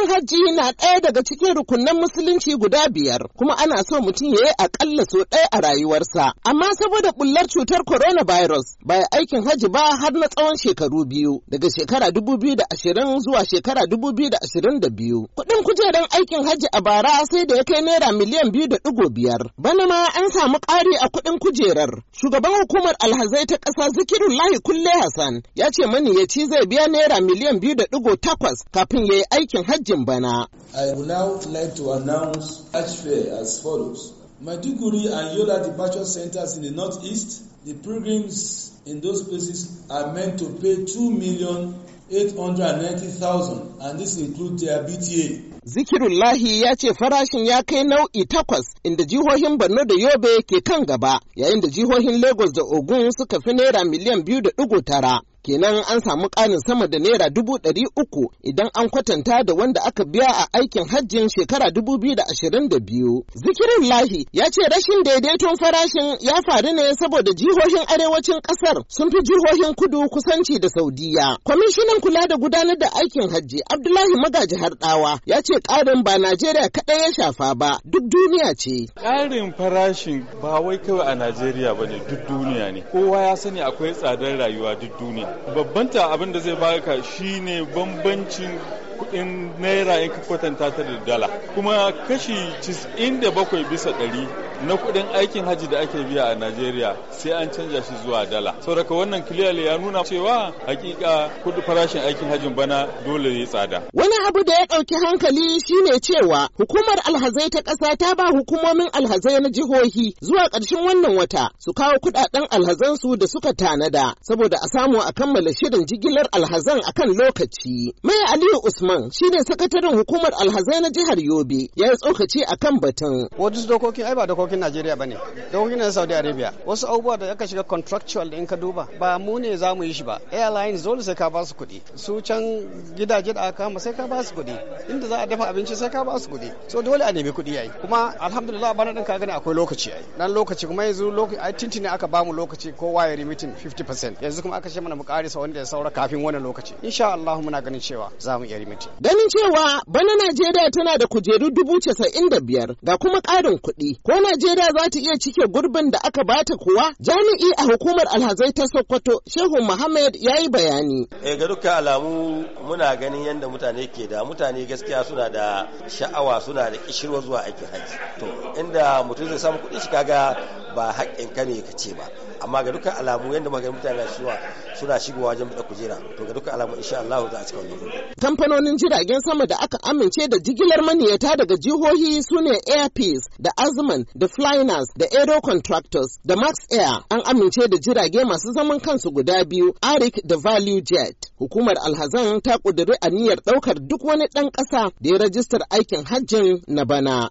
aikin hajji na ɗaya daga cikin rukunan musulunci guda biyar kuma ana so mutum ya yi aƙalla so ɗaya a rayuwarsa amma saboda bullar cutar coronavirus ba aikin hajji ba har na tsawon shekaru biyu daga shekara dubu biyu da ashirin zuwa shekara dubu biyu da ashirin da biyu kuɗin kujerar aikin hajji a bara sai da ya kai naira miliyan biyu da ɗigo biyar bana ma an samu ƙari a kuɗin kujerar shugaban hukumar alhazai ta ƙasa zikirullahi kulle hassan ya ce maniyaci zai biya naira miliyan biyu da ɗigo takwas kafin ya yi aikin hajji hajjin bana. I would now like to announce Hajj Fair as follows. Maiduguri and Yola departure centers in the northeast, the pilgrims in those places are meant to pay 2 million 890,000 and this includes their BTA. Zikirullahi ya ce farashin ya kai nau'i takwas inda jihohin Borno da Yobe ke kan gaba yayin da jihohin Lagos da Ogun suka fi naira miliyan biyu da ɗigo tara kenan an samu ƙarin sama da naira dubu ɗari uku idan an kwatanta da wanda aka biya a aikin hajjin shekara dubu biyu da ashirin da biyu. Zikirin Lahi ya ce rashin daidaiton farashin ya faru ne saboda jihohin arewacin ƙasar sun fi jihohin kudu kusanci da Saudiya. Kwamishinan kula da gudanar da aikin hajji Abdullahi Magaji Harɗawa ya ce ƙarin ba Najeriya kaɗai ya shafa ba duk duniya ce. Ƙarin farashin ba wai kawai a Najeriya ba ne duk duniya ne. Kowa ya sani akwai tsadar rayuwa duk duniya. babbanta ta abin da zai baka shi ne bambancin kuɗin naira in ka kwatanta ta da dala kuma kashi 97 bisa ɗari na kuɗin aikin haji da ake biya a Najeriya sai an canja shi zuwa dala. Saboda wannan clearly ya nuna cewa hakika kudin farashin aikin hajin bana dole ne tsada. Wani abu da ya ɗauki hankali shine cewa hukumar alhazai ta ƙasa ta ba hukumomin alhazai na jihohi zuwa ƙarshen wannan wata su kawo kuɗaɗen alhazansu da suka tanada saboda a samu a kammala shirin jigilar alhazan akan lokaci. Mai Aliyu Usman shine sakataren hukumar alhazai na jihar Yobe ya yi tsokaci akan batun. Wadansu dokokin ai ba dokokin dokokin Najeriya bane dokokin na Saudi Arabia wasu abubuwa da aka shiga contractual in ka duba ba mu ne za mu yi shi ba airlines dole sai ka ba su kuɗi su can gidaje da aka kama sai ka ba su kuɗi inda za a dafa abinci sai ka ba su kuɗi so dole a nemi kuɗi yayi kuma alhamdulillah bana din ka gani akwai lokaci yayi dan lokaci kuma yanzu lokaci ai tintini aka ba mu lokaci ko waye remitin 50% yanzu kuma aka ce mana mu sa wanda ya saura kafin wannan lokaci insha Allah muna ganin cewa za mu iya remitting ganin cewa bana Najeriya tana da kujeru dubu casa'in da biyar ga kuma ƙarin kuɗi ko Najeriya za ta iya cike gurbin da aka bata kuwa? Jami'i a hukumar alhazai ta Sokoto, Shehu Muhammad ya yi bayani. E ga dukkan alamu muna ganin yadda mutane ke da mutane gaskiya suna da sha'awa suna da kishirwa zuwa aikin haji. To inda mutum zai samu kuɗi shi kaga ba haƙƙin ka ne ka ce ba amma ga dukkan alamu yadda maganin mutane shiwa suna shigowa wajen buɗe kujera to ga dukkan alamu insha Allah za a cika wannan kamfanonin jiragen sama da aka amince da jigilar maniyata daga jihohi sune Airpeace da Azman da Flynas da Aero Contractors da Max Air an amince da jirage masu zaman kansu guda biyu Arik da Value Jet hukumar alhazan ta ƙudiri aniyar ɗaukar duk wani ɗan ƙasa da ya rajistar aikin hajjin na bana